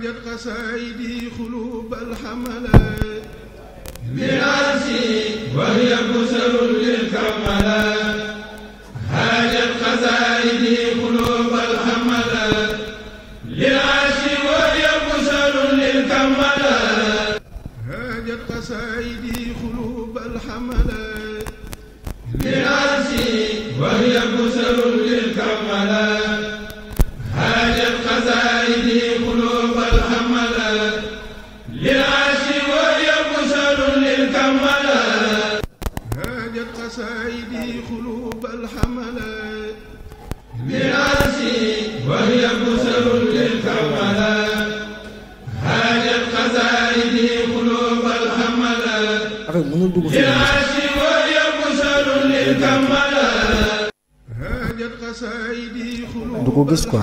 أرجت قصائدي قلوب الحملاء براسي وهي كسر للكملاء هاجت قصائدي قلوب الحملاء براسي وهي كسر للكملاء هاجت قصائدي قلوب الحملاء براسي mënul dugg fi du ko gis quoi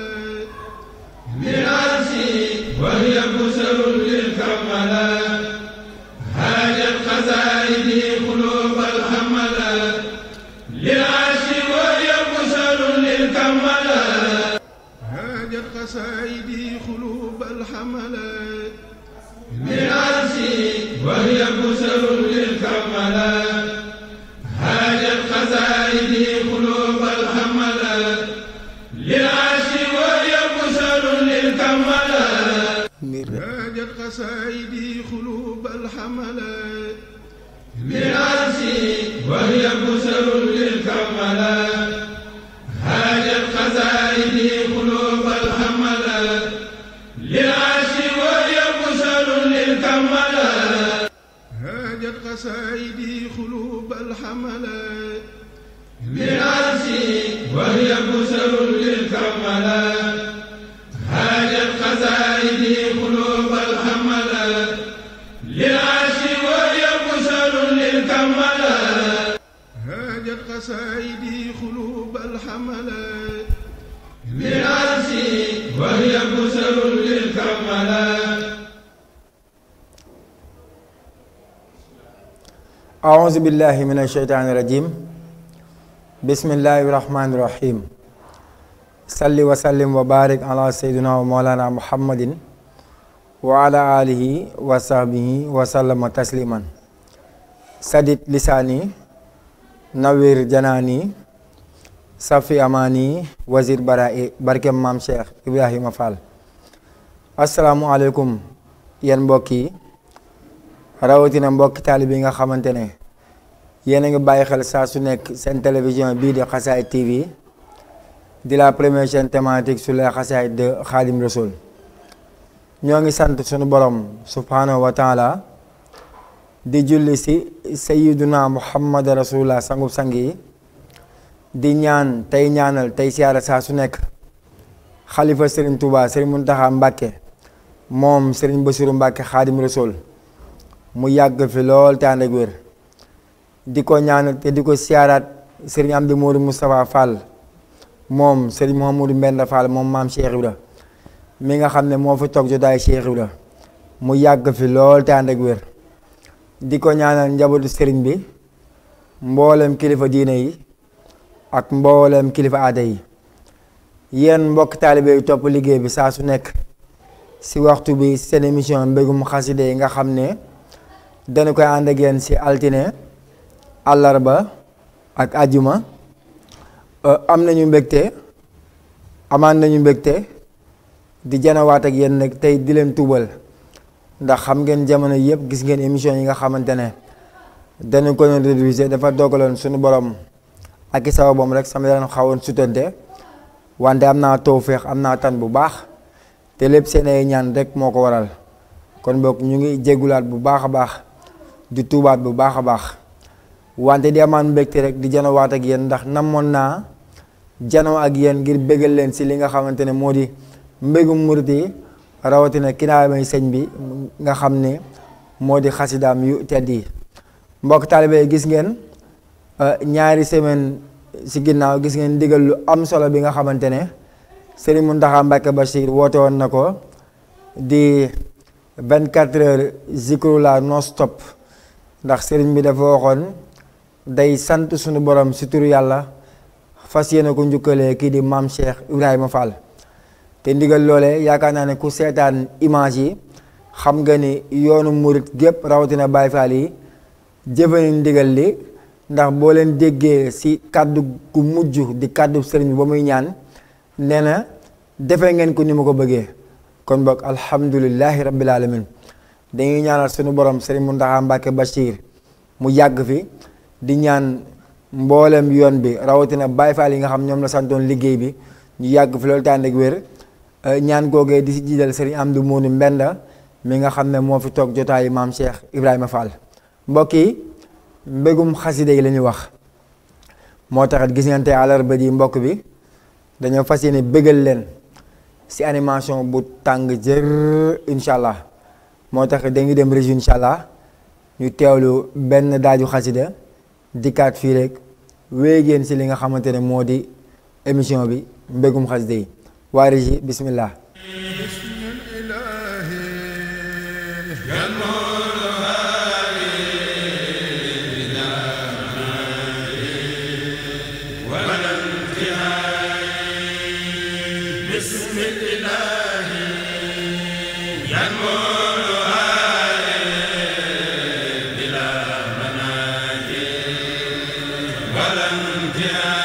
أعوذ بالله من الشيطان الرجيم بسم الله الرحمن الرحيم صل وسلم وبارك على سيدنا ومولانا محمد وعلى آله وصحبه وسلم تسليما سدد لساني نوير جناني safi amaani wazir bara i barkem maam cheikh ibrahima fall asalaamualeykum yéen mbokk yi rawatina mbokki taalibe yi nga xamante ne yéen a ngi bàyyi xel saa su nekk seen télévision bii di xasaay tv di la première thématique sur xasaay de Khadim Rasoul ñoo ngi sant sunu borom subhanahu wa di julli si sayiduna muhammad rasulullah sangub sang yi di ñaan tey ñaanal tey siyaara saa su nekk xalifa sëriñ Touba sëriñ Muntaxa Mbàkke moom sëriñ Basiru Mbàkke xaadim rasul mu yàgg fi lool te ànd ak wér di ko ñaanal te di ko siyaaraat sëriñ Amdi Moodu moom sëriñ Mouhamadou Mbenda Fall moom mi nga xam ne moo fi toog jotaay Cheikh mu yàgg fi lool te ànd di ko ñaanal njabootu sëriñ bi mboolem kilifa diine yi ak mboolem kilifa aada yi yenn mbokk taalibe topp liggéey bi saa su nekk si waxtu bi seen émission mbégum xaside yi nga xam ne dañu koy ànd ak yéen si altine àllarba ak ajuma euh, am nañu mbégte amaan nañu mbégte di janawaat ak yéen nag tey di leen tuubal ndax xam ngeen jamono yëpp gis ngeen émission yi nga xamante ne dañu ko doon réduire dafa dogaloon suñu borom ak i sababam rek sama yaram xawoon sutante wante am naa tawféex am naa tan bu baax te lépp seen ñaan rek moo ko waral kon boog ñu ngi jéggulaat bu baax a baax di tuubaat bu baax a baax wante di amaan mbégte rek di janowaat ak yéen ndax namoon naa janoo ak yéen ngir bégal leen si li nga xamante ne moo di mbégum murit yi rawatina kinaamay sëñ bi nga xam ne moo di xasidaam yu tedd yi mbokk taalibe gis ngeen Euh, ñaari semaine si ginnaaw gis ngeen ndigal lu am solo bi nga xamante ne Serigne Mountakha Mbacké Bachir woote woon na ko di 24 heures la non stop ndax sëriñ bi dafa waxoon day sant sunu borom si turu yàlla fas yéene ko njukkalee kii di maam Cheikh Ibrahima Fall te ndigal loole yaakaar naa ne ku seetaan image yi xam nga ni yoonu murit gépp rawatina Baye Fall yi jëfe ndigal li ndax boo leen déggee si kàddu gu mujj di kàddu sëriñ bi ba muy ñaan nee na defee ngeen ko ni ma ko bëggee kon boog alhamdulilahi rabbil alamin dañuy ñaanal suñu borom sëriñ Mountakha Mbacké Bachir mu yàgg fi di ñaan mboolem yoon bi rawatina Baye Fall yi nga xam ñoom la santoon liggéey bi ñu yàgg fi loolu tànn ak wér euh, ñaan googee di si jiidal sëriñ Amdu Moonu Mbenda mi nga xam ne moo fi toog jotaayu maam Cheikh Ibrahima Fall mbokk mbégum xasida yi la ñuy wax moo taxit gis ngeen tey àllarba ji mbokk bi dañoo fas yéene bégal leen si animation bu tàng jër incha allah moo taxit dañuy dem région incha allah ñu teewlu benn daaju xasida dikkaat fii rek wéegeen si li nga xamante ne moo di émission bi mbégum xasida yi waa régie bismillah yaa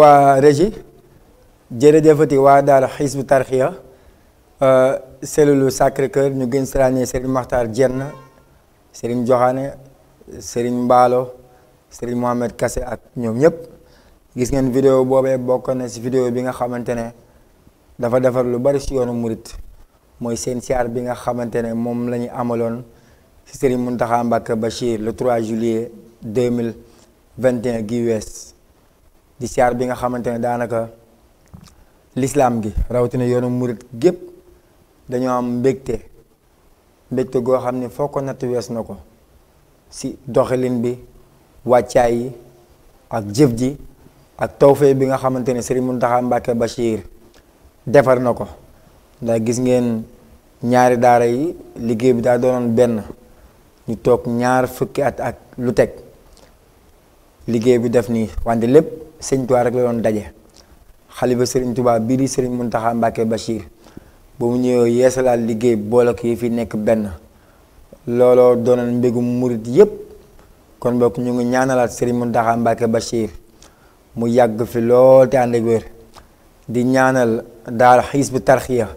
waa régie jërëjëfati waa daara xisbu tarxiya euh, cellule Sacré Cœur ñu gën si ràññee Serigne Makhtar Diène Serigne Joxaane Serigne Mbaalo Serigne Mohamed Kassé ak ñoom ñëpp gis ngeen vidéo boobee bokk na si vidéo bi nga xamante ne dafa defar lu bari si yoonu murit mooy seen siyaar bi nga xamante ne moom la ñu amaloon si Serigne Mountakha Mbacké Bachir le 3 juillet 2021 gi wees di bi nga xamante ne daanaka lislaam gi rawatina yoonu murit gépp dañoo am mbégte mbégte goo xam ne foo ko natt wees na ko si doxalin bi wàccaay yi ak jëf ji ak tawfee bi nga xamante ne Serigne Mountakha Mbacké Bachir defar na ko ndax gis ngeen ñaari daara yi liggéey bi daa doonoon benn ñu toog ñaar fukki at ak lu teg liggéey bi def nii wante lépp sëñ Tuubaa rek la doon daje xalifa sëriñ Tuubaa bii di sëriñ Muntaxa Mbàkke Bachir ba mu ñëw yeesalaat liggéey boole ko yi fi nekk benn looloo doonal mbégum murit yépp kon bokk ñu ngi ñaanalaat sëriñ Muntaxa Mbàkke Bachir mu yàgg fi lool te ànd wér di ñaanal daal Hizbut tarxiya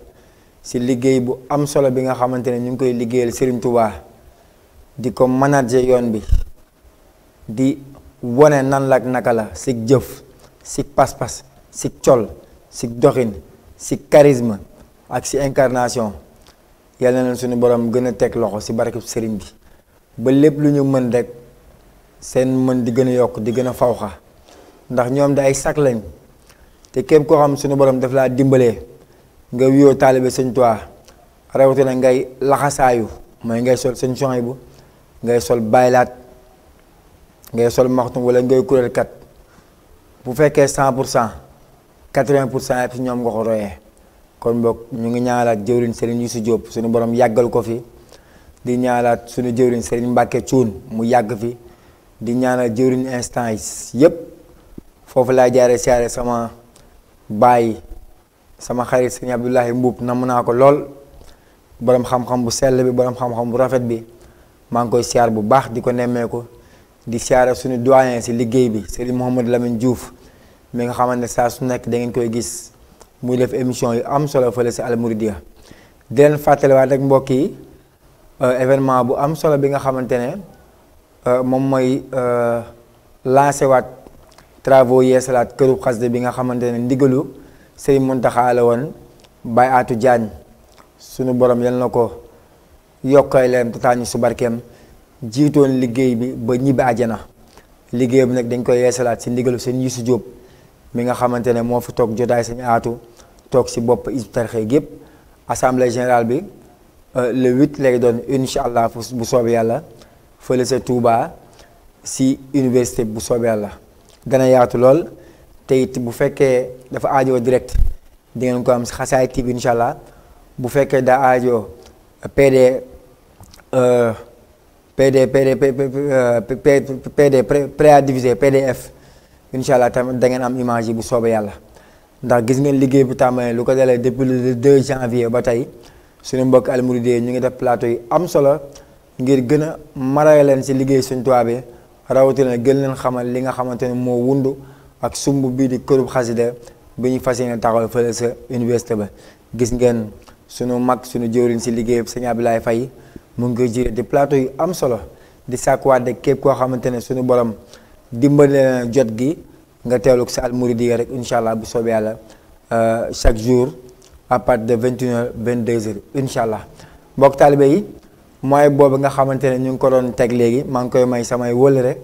si liggéey bu am solo bi nga xamante ne ñu ngi koy liggéeyal sëriñ Tuubaa di ko manager yoon bi di wane nan la ak naka la si jëf si pas-pas si col si doxin si charisme ak si incarnation yal na leen suñu borom gën a teg loxo si barkeb sëriñ bi ba lépp lu ñu mën rek seen mën di gën a yokk di gën a xa ndax ñoom da ay sak lañ te képp ko xam suñu borom daf laa dimbalee nga wiyoo taalibe sëñ Tuubaa rawatina ngay laxasaayu mooy ngay sol sëñ bu ngay sol baylaat ngay sol maxtum wala ngay kuréel kat bu fekkee cent pour cent quatre-vingt pour cent yëpp si ñoom nga ko royee kon boog ñu ngi ñaalaat jëwriñ Serigne Youssou Diop suñu borom yàggal ko fi di ñaalaat suñu jëwriñ Serigne Mbacke Thioune mu yàgg fi di ñaanal jëwriñ instant yi yëpp foofu lay jaare siyaare sama bàyyi sama xarit Serigne Abdoulahi Mbuub namm naa ko lool borom xam-xam bu sell bi borom xam-xam bu rafet bi maa ngi koy siyaar bu baax di ko nemmeeku. di siyaare suñu doyen si liggéey bi Serigne Mouhamadou Lamine Diouf mi nga xamante ne saa su nekk da ngeen koy gis muy def émission yu am solo fële si Al Mouridiyyah di leen fàttaliwaat rek mbokk yi euh, événement bu am solo bi nga xamante ne euh, moom mooy euh, lancé waat travaux yeesalaat këru xasde bi nga xamante ne ndigalu Serigne Mountakha la woon Baye Atou Diagne sunu borom yal na ko yokkay leen tataan ñu su barkeem. jiitoon liggéey bi ba ñibbi na liggéey bi nag dañ koy yeesalaat si ndigalu seen Yuusu Jóob mi nga xamante ne moo fi toog jotaay sañ aatu toog si bopp Hizbut Tarqiyyah gépp assemblée général bi euh, le 8 lay doon incha allah bu soobee yàlla fële sa Touba si université bu soobee yàlla dana yaatu lool te it bu fekkee dafa aajo direct di ngeen ko am si Xasaayid TV incha allah bu fekkee daa aajo PD. Euh, PD PD PD pré à diviser PDF incha allah tamit da ngeen am image yi bu soobee yàlla ndax gis ngeen liggéey bu tàmbalee lu ko dalee depuis le 2 janvier ba tey suñu mbokk almouride ñu ngi def plateau yi am solo ngir gën a marale leen si liggéey suñ tubaabee rawatina gën leen xamal li nga xamante ne moo wund ak sumb bii di kërub xasida bi ñu fas yéene taxawal fële sa université ba gis ngeen sunu mag suñu jëwriñ si liggéey sëñ Abdoulaye fay mu ngi koy juré di plateau yu am solo di sàkkuwaate képp koo xamante ne suñu borom dimbale na jot gi nga teelu sa Al Mouridiyyah rek incha allah bu soobee yàlla euh, chaque jour à partir de vingt et une heures vingt deux heures incha allah mbokk taalibe yi mooy boobu nga xamante ne ñu ngi ko doon teg léegi maa ngi koy may samay wëllëre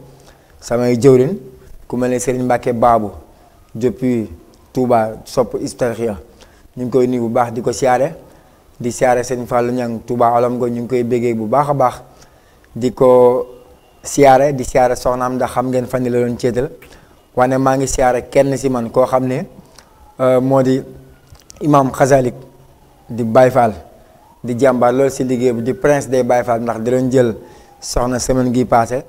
samay jëwrin ku mel ne Serigne Mbacke Babou depuis Touba sopp Hizbut ñu ngi koy nuyu bu baax di ko siyaare di siyaare sëñ Fallou Niang tubaa alam go ñu ngi koy béggee bu baax a baax di ko siyaare di siyaare soxnaam ndax xam ngeen fan yi la doon ceetal wane maa ngi siyaare kenn si man koo xam ne euh, moo di imaam di Baye Fall di jàmbaar loolu si liggéey bi di prince day Baye Fall ndax di doon jël soxna semaine gi passé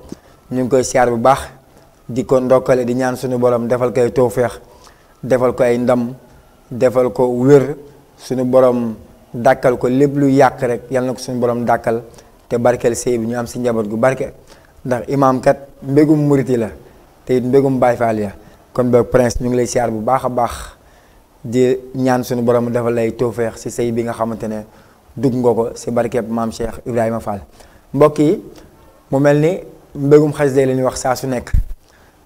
ñu ngi koy siyaar bu baax di ko ndokkale di ñaan suñu borom defal ko koy tawféex defal ko ay ndam defal ko wér suñu borom. dàkkal ko lépp lu yàq rek yal na ko suñu borom dàkkal te barkeel sëy bi ñu am si njaboot gu barke ndax imaam kat mbégum muriti la te it mbégum Baay Faal ya kon boog prince ñu ngi lay siyaar bu baax a baax di ñaan suñu borom dafa lay toofeex si sëy bi nga xamante ne dugg nga ko si barkeeb maam Cheikh Ibrahima Fall mbokk yi mu mel ni mbégum xasida la ñuy wax saa su nekk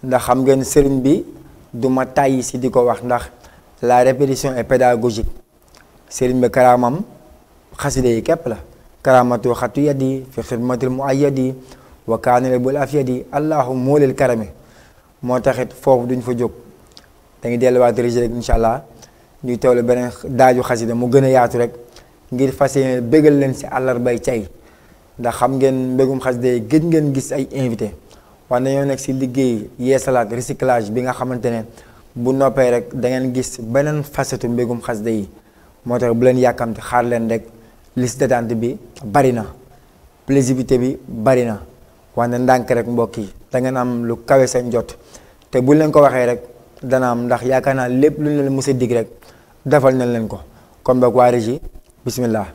ndax xam ngeen sëriñ bi du ma tàyyi si di ko wax ndax la répétition est pédagogique sëriñ ba karaamam xasida yi képp la karaamatu xatu yadi fi xidmatil mu ay yadi wa kaanale bul af yadi allahu moo leel karame moo taxit foofu duñ fa jóg dañuy delluwaat rek incha allah ñuy teewlu beneen daaju xasida mu gën a yaatu rek ngir fas yéene bégal leen si àllarbay cay ndax xam ngeen mbégum xasida yi gëj ngeen gis ay invité wax ñoo nekk si liggéey yeesalaat recyclage bi nga xamante ne bu noppee rek da ngeen gis beneen facetu mbégum xasida yi moo tax bu leen yàkkamti xaar leen rek liste d'attente bi bari na plausibilité bi bari na wante ndànk rek mbokk yi da ngeen am lu kawe seen jot te bu leen ko waxee rek dana am ndax yaakaar naa lépp lu ñu leen mës a dig rek defal nañ leen ko kon boog waa régie bismillah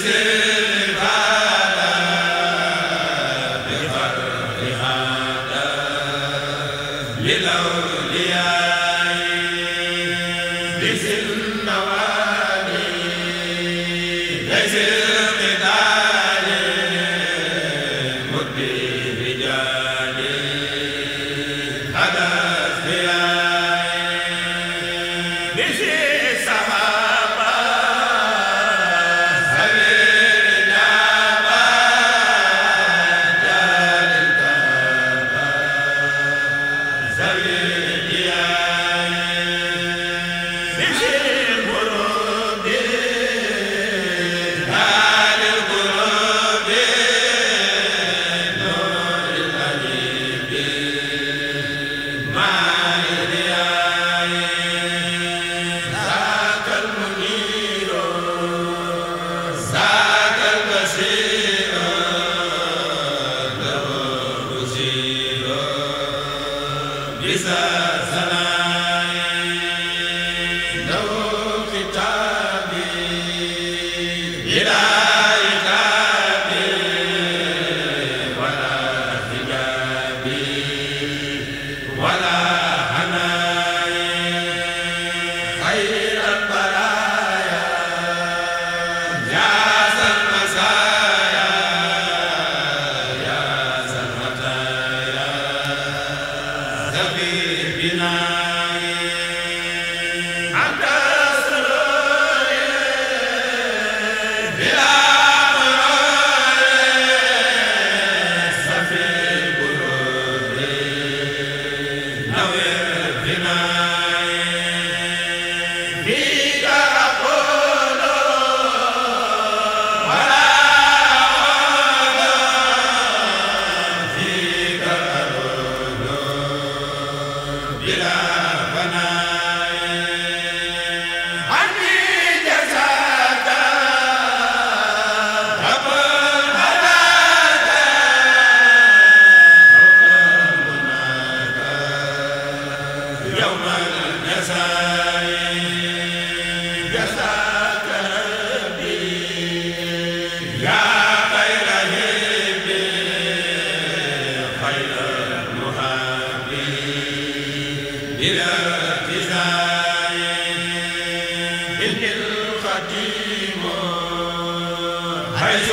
Is it حيث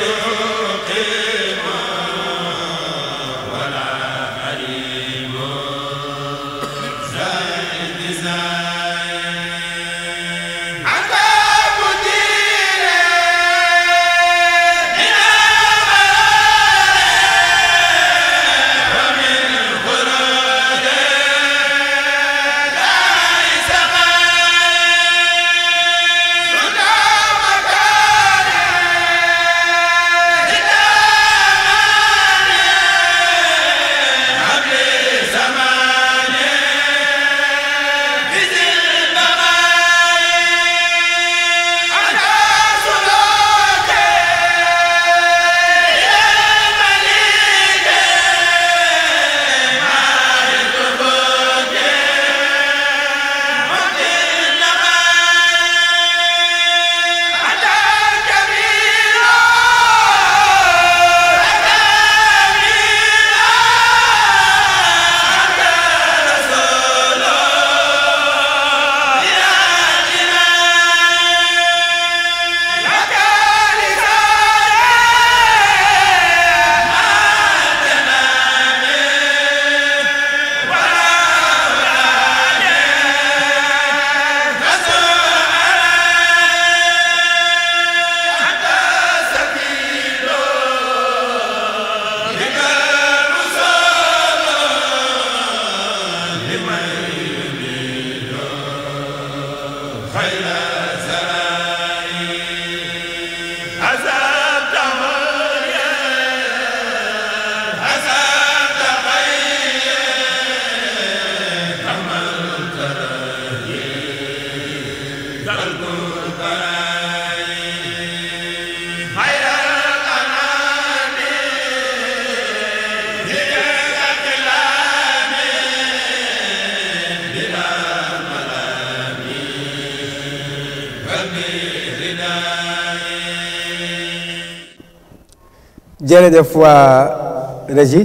jërëjëf waa régi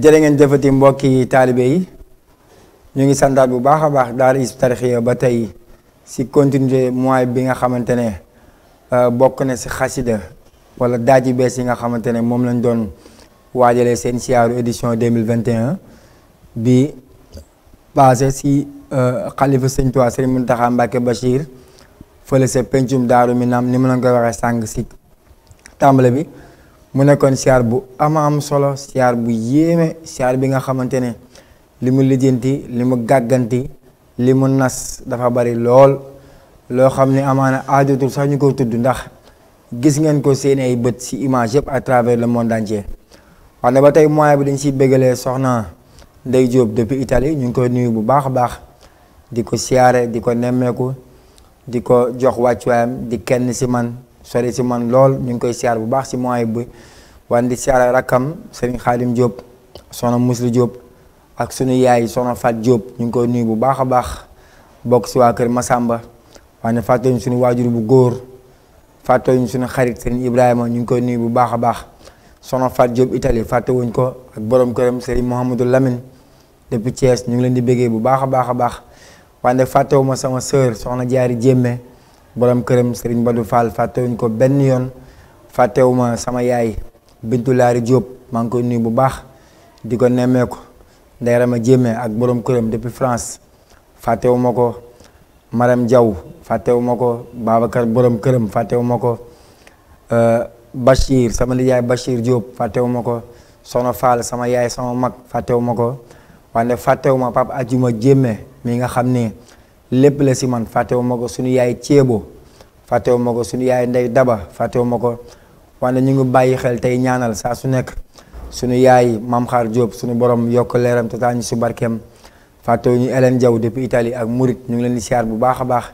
jërë ngeen jëfati mbokki taalibe yi ñu ngi santaat bu baax a baax daara Hizbut ba tey si continuer mois bi nga xamante ne euh, bokk na si xasida wala daaji bees yi nga xamante ne moom lañ doon waajale seen siyaaru édition 2021 bi passé si euh, xalifa sëñ Tuubaa sëñ Muntaxa Mbàkke Bachir fële sa pencum daaru mi naam ni ma leen koy waxee sàng si tàmbale bi mu nekkoon siyaar bu ama am solo siyaar bu yéeme siyaar bi nga xamante ne li mu lijjanti li mu gàgganti li mu nas dafa bari lool loo xam ne amaana aajotul sax ñu ko tudd ndax gis ngeen ko seen ay bët ci image yëpp à travers le monde entier wax ba tey moyen bi dañ ciy bégalee soxna Ndey Jóob depuis itali ñu ngi koy nuyu bu baax a baax di ko siyaare di ko nemmeeku di ko jox wàccuwaayam di kenn si man sori si man lool ñu ngi koy siyaar bu baax si mooy bi wan di siyaar rakkam sëriñ Xaadim Diop soxna Musli Diop ak sunu yaay soxna Fat jóob ñu ngi koy nuyu bu baax a baax bokk si waa kër Masamba wane fàttewuñ suñu waajur bu góor fàttewuñ suñu xarit sëriñ Ibrahima ñu ngi koy nuyu bu baax a baax soxna Fat Diop Italie fàttewuñ ko ak boroom këram sëriñ Mouhamadou Lamine depuis Thiès ñu ngi leen di béggee bu baax a baax a baax wante fàttewuma sama sœur soxna Jaari Jémme borom këram Serigne Badou Fall fàttewuñ ko benn yoon fàttewuma sama yaay Bintu Laari jóob maa ngi koy nuyu bu baax di ko nemmeeku Ndeye Rama Jéeme ak borom këram depuis France fàttewuma ko Maram Diaw fàttewuma ko Babacar borom këram fàttewuma ko euh, Bachir sama nijaay Bachir Diop fàttewuma ko Sono Fall sama yaay sama mag fàttewuma ko wante fàttewuma Pape Adjuma Jéeme mi nga xam ni. lépp la si man fàttewu ma ko suñu yaay ceebo fàttewu ma ko suñu yaay ndey daba wu ma ko wante ñu ngi bàyyi xel tey ñaanal saa su nekk suñu yaay maam xaar jóob suñu borom yokk leeram te ñu si barkeem fàttewu ñu Hélène jaw depp itali ak Murit ñu ngi leen di siyaar bu baax a baax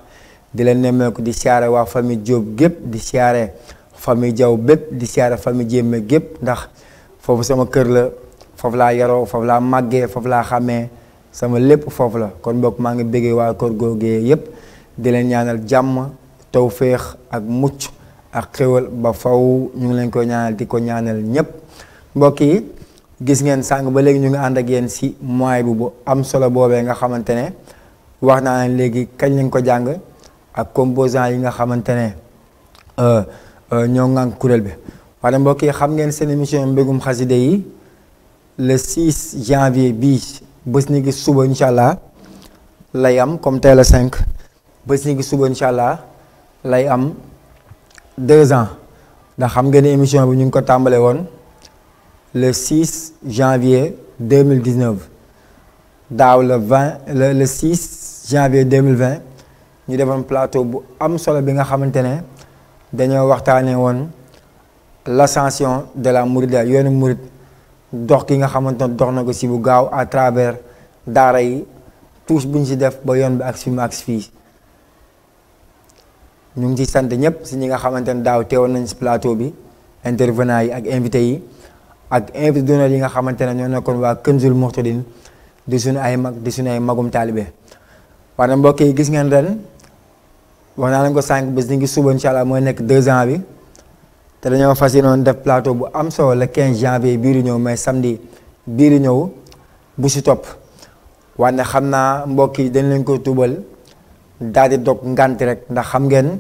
di leen nemmeeku di siyaare waa famille jóob gépp di siyaare famille Diaw bépp di siyaare famille Jéeme gépp ndax foofu sama kër la foofu laa yaroo foofu laa màggee foofu laa xàmmee sama lépp foofu la kon mbokk maa ngi bëggee waa kër googee yépp di leen ñaanal jàmm tawféex ak mucc ak xéwal ba faw ñu ngi leen koy ñaanal di ko ñaanal ñépp mbokk yi gis ngeen sàng ba léegi ñu ngi ànd ak yéen si mois bu bu am solo boobee nga xamante ne wax naa leen léegi kañ lañ ko jàng ak composant yi nga xamante ne euh, euh, ñoo ŋànk kuréel bi waaye mbokk yi xam ngeen seen émission mbégum xaside yi le 6 janvier bii bës ni gis suba incha allah lay am comme tey la cinq bës ni gi suba incha allah lay am deux ans ndax xam ngeen émission bi ñu ngi ko tàmbalee woon le 6 janvier 2019 daaw la 20 le le deux mille 2020 ñu defoon plateau bu am solo bi nga xamante ne dañoo waxtaanee woon la l'ascension de la Mouride yoonu Mouride. dox gi nga xamante ne dox na ko si bu gaaw à travers daara yi touche buñ si def ba yoon bi ak si mu fii ñu ngi ci sant ñëpp si ñi nga xamante ne daaw teewoon nañ si plateau bi intervenant yi ak invité yi ak invité d'honneur yi nga xamante ne ñoo nekkoon waa Kënzul Muxtadin di suñu ay mag di suñu ay magum taalibe wax na mbokk yi gis ngeen ren wax naa leen ko sànq bés ni ngi suba incha allah mooy nekk deux ans bi te dañoo fas yéenoon def plateau bu am solo le 15 janvier bii di ñëw mais samedi bii ñëw bu si topp wante xam naa mbokk yi dañ leen ko tubal daal di dog ngànti rek ndax xam ngeen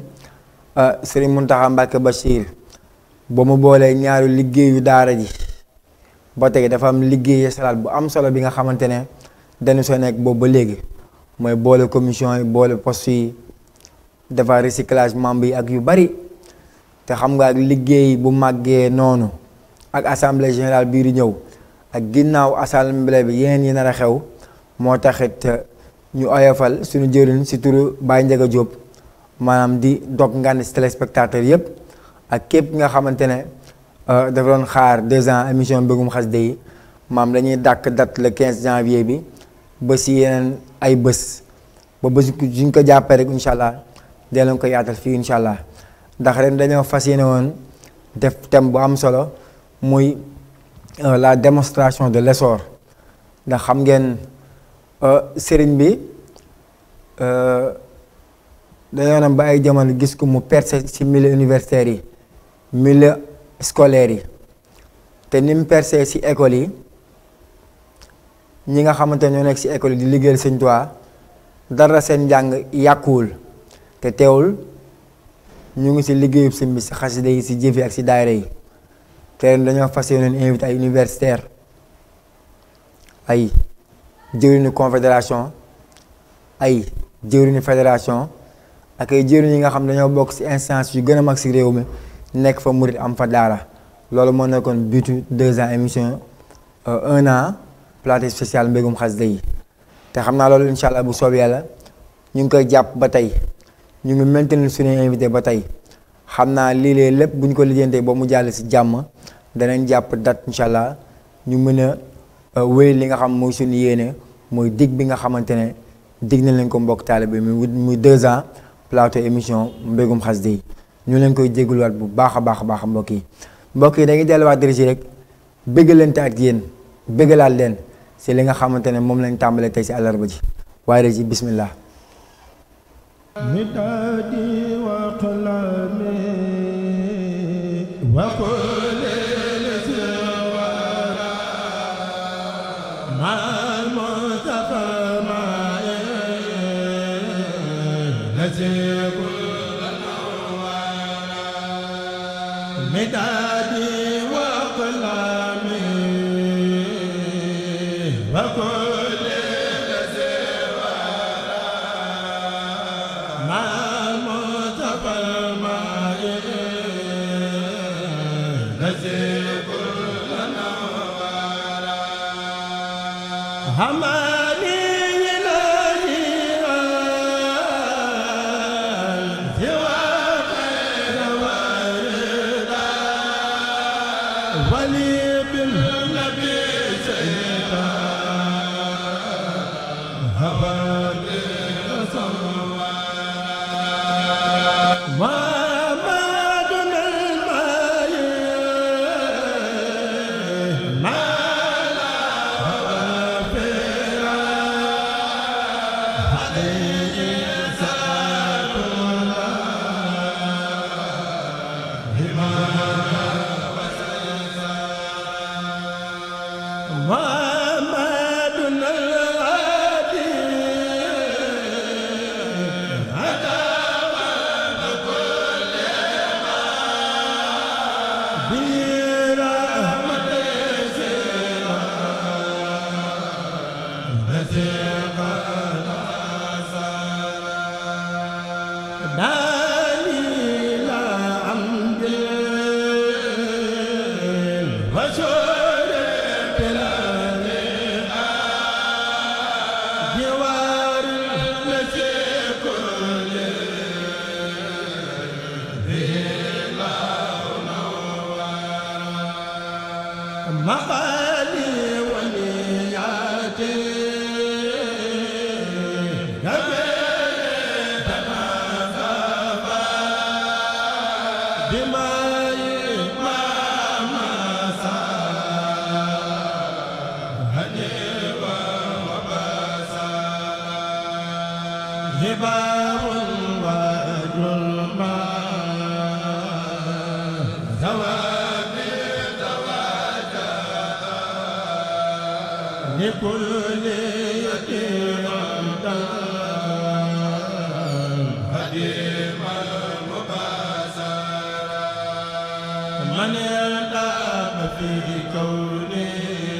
euh, Serigne Mountakha Mbacké Bachir ba siir mu boolee ñaari liggéeyu daara ji ba tey dafa am liggéeyu salaat bu am solo bi nga xamante ne dañu soo nekk boobu ba léegi mooy boole commission yi boole poste yi dafa recyclage membre yi ak yu bari xam nga ak liggéey bu màggee noonu ak assemblée général bii ñëw ak ginnaaw assemblée bi yeneen yi nar a xew moo taxit euh, ñu oyofal suñu jëriñ si turu Baye Ndiaga Diop maanaam di dog ngan si téléspectateur yëpp ak képp nga xamante ne euh, dafa doon xaar deux ans émission mbëggum xasida yi maam lañuy dàkk date le 15 janvier bi ba si yeneen ay bés ba bés suñ ko jàppee rek incha allah dee leen ko yaatal fii incha allah. ndax ren dañoo fas yéene woon def thème bu am solo muy euh, la démonstration de l'essor ndax xam ngeen euh, sëriñ bi euh, dañoo dem ba ay jamono gis ko mu perse ci milieu universitaire yi mille scolaire yi te ni mu percé ci école yi ñi nga xamante ñoo nekk ci école yi di liggéeyal Sëriñ Tuubaa dara seen njàng yàkkuwul te teewul ñu ngi si liggéeyub si si xasida yi si jëf yi ak si daayira yi te dañoo fas yéeneen invité ay universitaire ay jëwriñu confédération ay jëwriñu fédération ak ay jëwriñ yi nga xam dañoo bokk si instance yu gën a mag si réew mi nekk fa murit am fa daara loolu moo nekkoon butu deux ans émission euh, un an plate spécial mbégum xasida yi te xam naa loolu incha allah bu soob yàlla ñu ngi koy jàpp ba tey ñu ngi maintenir suñuy invité ba tey xam naa lii lépp bu ñu ko lijjantee ba mu jàll si jàmm danañ jàpp dat incha allah ñu mën a euh, wéy li nga xam mooy suñu yéene mooy digg bi nga xamante ne dig na leen ko mbokk taalibe mu muy deux ans plateau émission mbégum xas yi ñu leen koy jégaluwaat bu baax a baax a baax mbokk yi mbokk yi dañuy delluwaat dërësi rek béggalante ak yéen laal leen si li nga xamante ne moom lañ tàmbalee tey si àllarba ji waaye rek ci bismillah mitadi wa qalami wa من يلتأم في كونه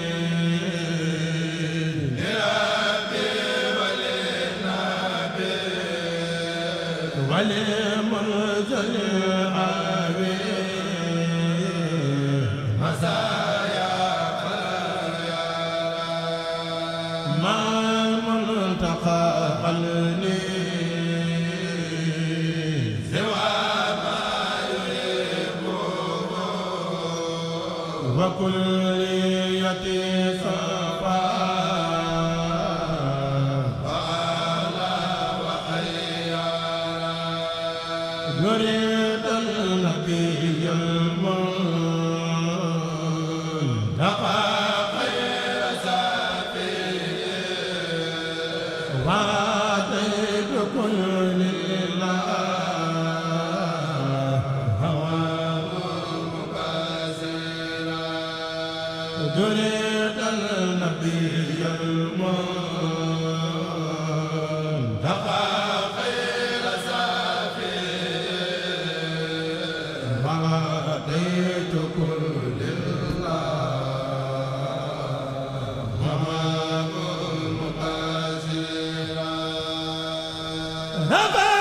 Naba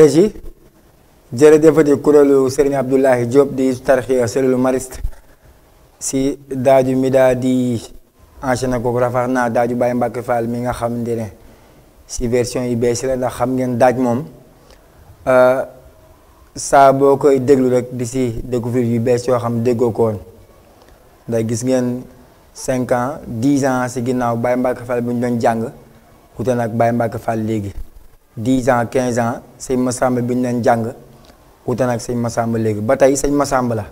régie jërëjëfati kuréelu Serigne Abdoulahi Diop di tarxiya cellule mariste si daaju mi daa di enchaîné ko rafax naa daaju Baye Mbacke Fall mi nga xam ne si version yu bees la ndax xam ngeen daaj moom euh, saa boo koy déglu rek di si découvrir yu bees yoo xam déggoo ko ndax gis ngeen cinq ans dix ans si ginnaaw Baye Mbacke Fall bu ñu doon jàng wute nag Baye Mbacke Fall léegi. dix ans quinze ans sëñ Massamba bi ñu leen jàng wuute nag sëñ Massamba léegi ba tey sëñ Massamba la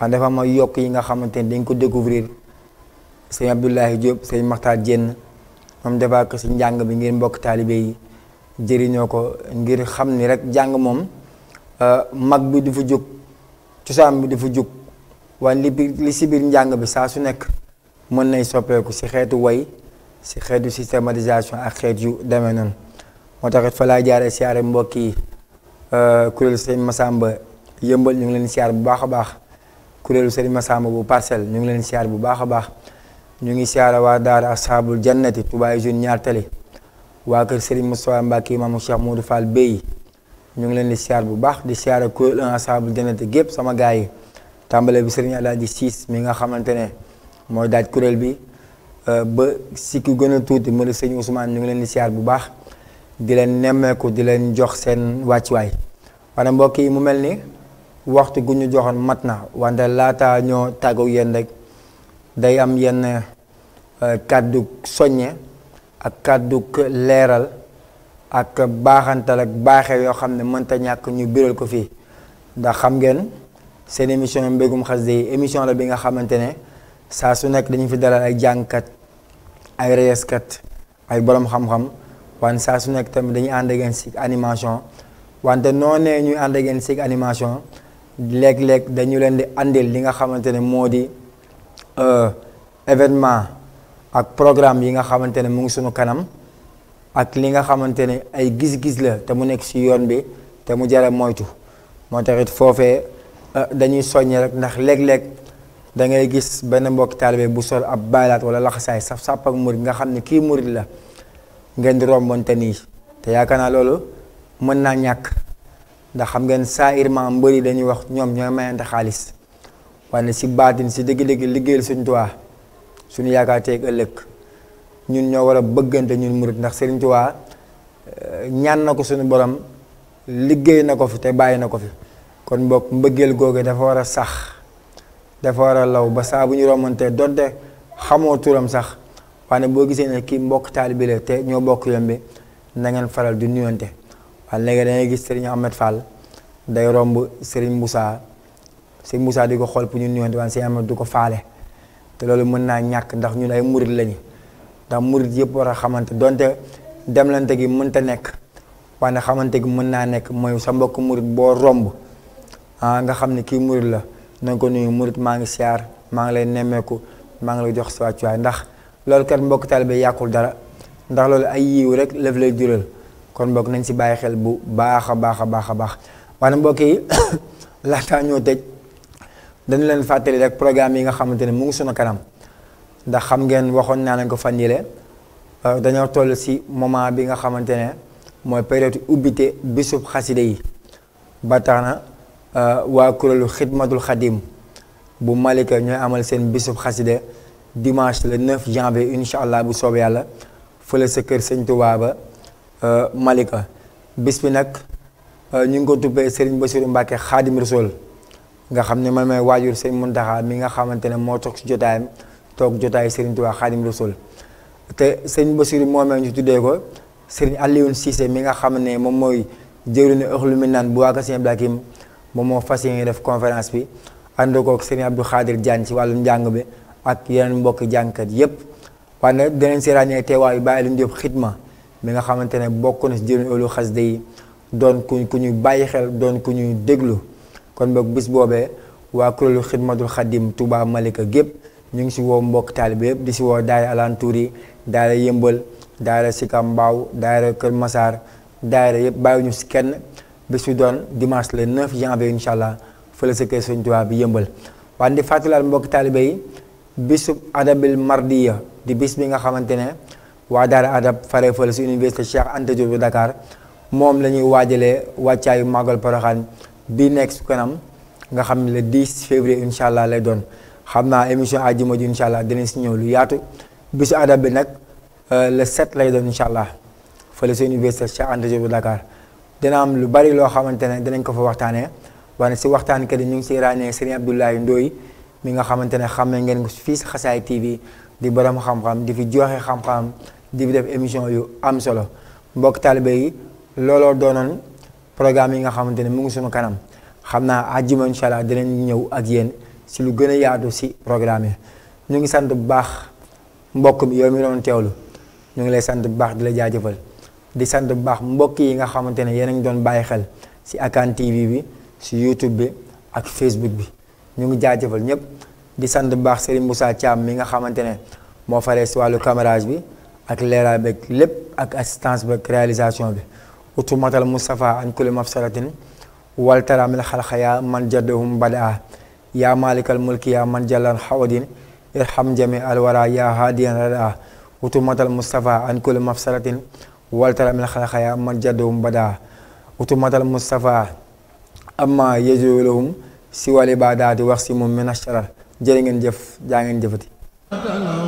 waaye dafa ma yokk yi nga xamante ni dañ ko découvrir sëñ Abdoulahi Diop sëñ Maxtaar Jenn moom defaa ko si njàng bi ngir mbokk taalibe yi jëriñoo ko ngir xam ni rek jàng moom euh, mag bi du fa jóg cosaan bi du fa jóg waaye li bi li si biir njàng bi saa su nekk mën nay soppeeku si xeetu way si xeetu systématisation ak xeet yu demee noonu moo taxit fa laa jaaree siyaare mbokk yi euh, kuréelu sëriñ Massamba yëmbal ñu ngi leen siyaar bu baax a baax kuréelu sëriñ Massamba bu parcelle ñu ngi leen siyaar bu baax a baax ñu ngi siyaare waa daara asxaabul jannati Touba June ñaar tali waa kër sëriñ Moustapha Mbacke maamu Cheikh Modou Fall ñu ngi leen di siyaar bu baax di siyaare kuréel asxaabul jannati gépp sama gars yi tàmbale bi sëriñ Alaaji Siis mi nga xamante ne mooy daaj kuréel bi euh, ba si ki gën tuuti mu di sëriñ Ousmane ñu ngi leen di siyaar bu baax di leen nemmeeku di leen jox seen wàccuwaay wane mbokk yi mu mel ni waxtu gu ñu joxoon mat na wante laata ñoo tàggu yéen rek day am yenn euh, kàddu soññe ak kàddu leeral ak baaxantal ak baaxe yoo xam ne mënta ñàkk ñu biral ko fii ndax xam ngeen seen émission mbégum xasida yi émission la bi nga xamante ne saa su nekk dañu fi dalal ay jàngkat ay ay boroom xam-xam wan saa su nekk tamit dañuy ànd ak si animation wante noonee ñuy ànd ak si animation léeg-léeg dañu leen di àndil li nga xamante ne moo di euh, événement ak programme yi nga xamante ne mu ngi suñu kanam ak li nga xamante ne ay gis-gis la te mu nekk si yoon bi te mu jara moytu moo taxit foofee euh, dañuy soññee rek ndax léeg-léeg da gis benn mbokk taalibe bu sol ab baylaat wala laxasaay saf sàpp ak murit nga xam ne kii murit la ngeen di rombante nii te yaakaar naa loolu mën naa ñàkk ndax xam ngeen saa irma mbëri dañuy wax ñoom ñooy mayante xaalis wane si baatin si dëgg-dëgg liggéeyal suñ Tuubaa suñu yaakaar teeg ëllëg ñun ñoo war a bëggante ñun murit ndax Sëriñ Tuubaa eh, ñaan na ko suñu borom liggéey na ko fi te bàyyi na ko fi kon mbokk mbëggeel googu dafa war a sax dafa war a law ba saa bu ñu romantee donte xamoo turam sax waaye boo gisee ne kii mbokk taalibe la te ñoo bokk yoon bi faral di nuyonte waaye léegi da gis sëriñ Ahmed Fall day romb sëriñ Moussa sëriñ Moussa di ko xool pour ñu nuyonte waaye sëriñ Ahmed du ko faale te loolu mën naa ñàkk ndax ñun ay murit lañu ndax murit yëpp war a xamante donte demlante gi mënta nekk waaye xamante gi mën naa nekk mooy sa mbokk murit boo romb ah nga xam ne kii murit la na ko nuyu murit maa ngi siyaar maa ngi lay nemmeeku maa ngi lay jox sa ndax. loolu kat mbokk taalibe yàqul dara ndax loolu ay yiiw rek lëf lay jural kon mbokk nañ si bàyyi xel bu baax a baax a baax a baax waaye mbokk yi laataa ñoo tëj dañu leen fàttali rek programme yi nga xamante ne mu ngi sunu kanam ndax xam ngeen waxoon naa leen ko fan yile euh, dañoo toll si moment bi nga xamante ne mooy période ubbite bisub xaside yi ba na euh, waa kuréelu xidmatul xadim bu Malika ñooy amal seen bisub xaside dimanche le 9 janvier incha allah bu soobee yàlla fële sa kër sëñ Tuubaa ba euh, Malika bis bi nag euh, ñu ngi ko tubbee Serigne Bassirou Mbacke Xaadim Rasul nga xam ne ma may waajur sëñ Muntaxa mi nga xamante ne moo toog si jotaayam toog jotaayu Serigne Touba Xaadim Rasul te sëñ Bassirou moomee ñu tuddee ko Serigne Alioune Cissé mi nga xam ne moom mooy jëwriñu ëxlu mi naan bu waaga sëñ Blakim moom moo fas yéene def conférence bi ànd koog Serigne Abdou Khadir Diagne ci njàng bi. ak yeneen mbokki jàngkat yépp waaye danañ si ràññee teewaayu bàyyi lu ñu def xidma mi nga xamante ne bokk na si jëriñ olu xasida yi doon ku ku ñuy bàyyi xel doon ku ñuy déglu kon boog bis boobee waa kuréelu xidmatul xadim Touba Malika gépp ñu ngi si woo mbokk taalibe yépp di si woo daara alantuur yi daara yëmbal daara Sika Mbaaw daara Kër Masaar daara yëpp bàyyiwuñu si kenn bis bi doon dimanche le 9 janvier incha allah fële sa kër Sëñ Tuubaa bi yëmbal bisub adabil mardiya di bis bi nga xamante ne waa daara adab fare fële si université Cheikh Anta Diop bu Dakar moom la ñuy waajalee wàccaayu màggal Porokhane bi nekk su kanam nga xam ne le 10 février incha allah lay doon xam naa émission àjjuma ji incha allah dinañ si ñëw lu yaatu bisu adab bi nag euh, le 7 lay doon incha allah fële si université Cheikh Anta Diop bu Dakar dina am lu bari loo xamante ne dinañ ko fa waxtaanee waaye si waxtaan kat yi ñu ngi si ràññee Serigne Abdoulaye Ndoye mi nga xamante ne xam ne ngeen ko fii si Xasaay TV di borom xam di fi joxe xam-xam di fi émission yu am solo mbokk taalibe yi looloo doonoon programme yi nga xamante ne mu ngi sunu kanam xam naa àjjuma incha allah dinañ ñëw ak yéen si lu gën a yaatu si programme yi ñu ngi sant bu baax mbokk mi yow mi doon teewlu ñu ngi lay sant bu baax di la jaajëfal di sant bu baax mbokk yi nga xamante ne yéen a ngi doon bàyyi xel si Akan TV bi si YouTube bi ak Facebook bi. ñu ngi jëfal ñëpp di sant bu baax Serigne Moussa Thiam mi nga xamante ne moo fare si wàllu camarage bi ak leeraay lépp ak assistance beeg réalisation bi utu matal Moustapha an kulli mafsaratin waltaraamil xalxa yaa man jaddahum badaa yaa maalikal mulki yaa man jallan xawadin irham jami alwara yaa haadiyan radaa utu matal Moustapha an man jaddahum badaa utu matal Moustapha si wàllu baadaa di wax si moom menace jërë ngeen jëf jaa ngeen jëfati.